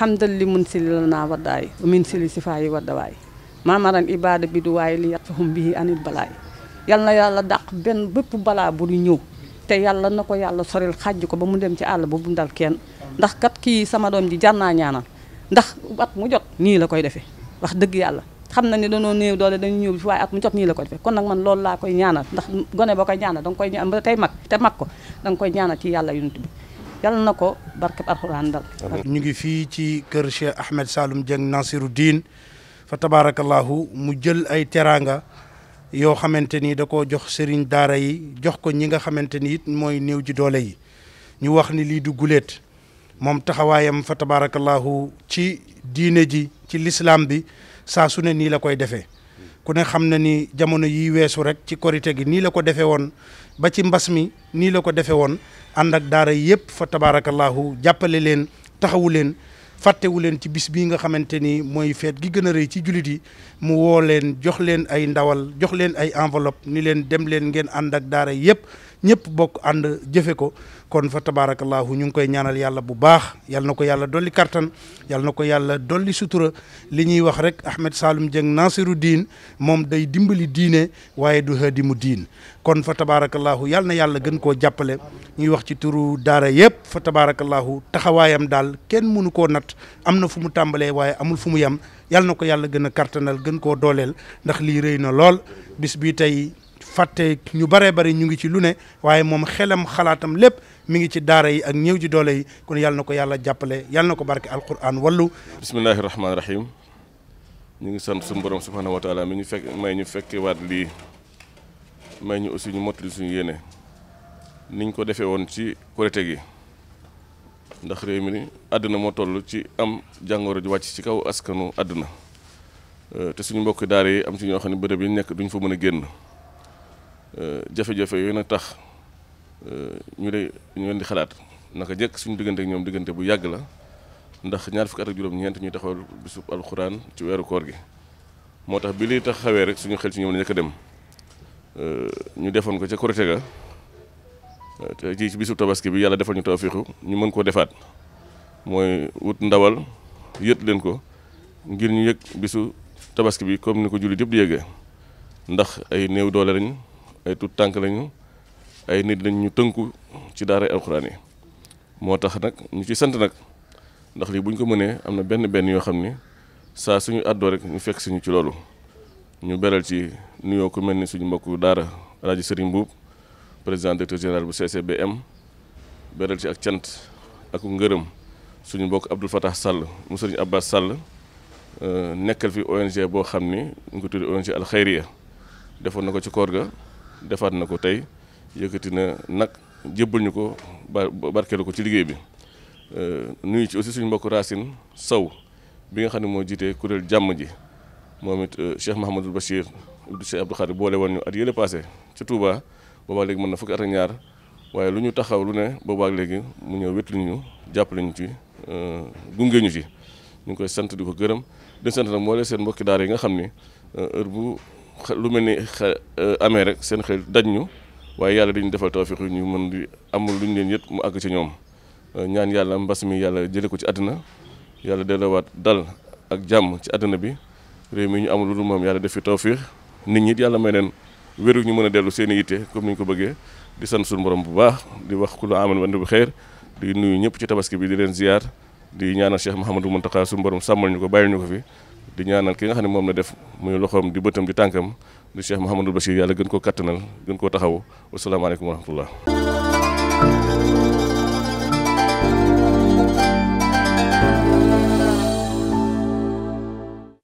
li si naa hamdalli munsili lana waddaayi min sili sifaayi waddawaayi mamaran ibada bi du waaye li yatfahum bihi anil balaayi yal na yàlla dàq benn bëpp balaa bu di ñëw te yàlla na ko yàlla soril xajj ko ba mu dem ci àll ba bu dal kenn ndax kat kii sama doom ji jar naa ñaanal ndax at mu jot nii la koy defee wax dëgg yàlla xam na ne danoo néew doole dañu ñëw bi waaye at mu jot nii la ko defee kon nag man loolu laa koy ñaana ndax gone ba koy ñaanal danga koy ñaan ba tey mag te mag ko danga koy ñaanal ci yàlla yuntu bi yàlla na ko barkeb alxuraan ñu ngi fii ci kër Cheikh Ahmed Saloum Dieng Nasiru Diin fa tabarakallahu mu jël ay teraanga yoo xamante ni da ko jox sëriñ daara yi jox ko ñi nga xamante ni mooy néew ji doole yi ñu wax ni lii du guleet moom taxawaayam fa tabarakallahu ci diine ji ci lislaam bi saa su ne nii la koy defee ku ne xam na ni jamono yi weesu rek ci korite gi nii la ko defee woon ba ci mbas mi nii la ko defee woon ànd ak daara yëpp fa tabaarakallahu jàppale leen taxawu leen fàttewu leen ci bis bii nga xamante ni mooy feet gi gën a rëy ci jullit yi mu woo leen jox leen ay ndawal jox leen ay enveloppe ni leen dem leen ngeen ànd ak daara yëpp ñëpp bokk ànd jëfe ko kon fa tabaarakallaahu ñu ngi koy ñaanal yàlla bu baax yàlla na ko yàlla dolli kattan yàlla na ko yàlla dolli sutura li ñuy wax rek Ahmed Saloum Dieng Nasiru diin moom day dimbali diine waaye du hadimu diin kon fa tabaarakallaahu yàlla na yàlla gën koo jàppale ñuy wax ci turu daara yëpp fa tabaarakallaahu taxawaayam daal kenn mënu koo nat am na fu mu tàmbalee waaye amul fu mu yem yàlla na ko yàlla gën a kartanal gën koo dooleel ndax lii rëy na lool fàtte ñu baree bari ñu ngi ci lu ne waaye moom xelam xalaatam lépp mi ngi ci daara yi ak ñëw ji doole yi kon yàlla na ko yàlla jàppale yàlla na ko barke alquran wallu bismillahi rahmaani rahim ñu ngi sant suñu borom subhanahu wa taala mi ñu fekk may ñu fekke waat lii may ñu aussi ñu mottali suñu yéene niñ ko defee woon ci korite gi ndax réew mi àdduna moo toll ci am jàngoro ji wàcc ci kaw askanu àdduna te suñu mbokk daara yi am ci ñoo xam ne bërëb yi nekk duñ fa mën a génn Euh, jafe-jafe yooyu a tax euh, ñu de ñu leen di xalaat naka jëkk suñu diggante ñoom diggante bu yàgg la ndax ñaar fukki at ak juróom-ñeent ñuy taxawal bisub alxuraan ci weeru koor gi moo tax bi lii tax xawee rek suñu xel ci ñoom la njëkk a euh, ñu defoon ko ca Korite ga te ci bisu tabaski bi yàlla defal ñu tawfiixu ñu mën koo defaat mooy wut ndawal yët leen ko ngir ñu yëg bisu tabaski bi comme ni ko jullit yëpp di yëgee ndax ay néew doole lañ. ay tut tànk lañu ay nit lañ ñu tënku ci daara alxuraan yi moo tax nag ñu ci sant nag ndax lii buñ ko mënee am na benn benn yoo xam ni saa suñu àddoo rek ñu fekk suñu ci loolu ñu beral ci nuyoo ku mel ni suñu mbokku daara rajo Serigne Mbuub président directeur général bu CCBM beral ci ak cant ak ngërëm suñu mbokk Abdoul Fattah Sall mu Sëriñ Abbas Sall euh, nekkal fi ONG boo xam ni ñu ko tuddee ONG Al defoon na ko ci koor ga defaat na ko tey yëkkati na nag jébbal ñu ko barkeelu ko ci liggéey bi euh, nuyu ci aussi suñu mbokk Racine Sow bi nga xam ne moo jiitee kuréel jàmm ji moom it euh, Cheikh Mahamadul Bachir Ibn Cheikh Abdou Khadir boole woon ñu at yële passé ci Touba boobaag léegi mën na fukki at ak ñaar waaye lu ñu taxaw lu ne boobaag léegi mu ñëw wétlu ñu jàppale ñu ci euh, gunge ñu ci ñu ngi koy sant di ko gërëm di sant nag moo leen seen mbokki daara yi nga xam ni heure bu. lu mel ni euh, amee rek seen xel dañ ñu waaye yàlla ñu defal tawfiq ñu mën di amul lu ñu leen yët mu àgg ci ñoom euh, ñaan yàlla mbas mi yàlla jële ko ci àddina yàlla delluwaat dal ak jàmm ci àddina bi réew mi ñu amul lu moom yàlla def fi tawfiq nit ñi yàlla may leen wéru ñu mën a dellu seen ite comme ni ñu ko bëggee di sant suñu borom bu baax di wax ku lu amal wante bu xeer di nuyu ñëpp ci tabaski bi di leen ziyaar di ñaanal Cheikh Mouhamadou Mountakha suñu borom sàmmal ñu ko bàyyil ñu ko fi di ñaanal ki nga xam ne moom la def muy loxoom di bëtam di tànkam di Cheikh Mouhamadul Bachir yàlla gën koo kattanal gën koo taxaw wasalaamaaleykum wa rahmatullah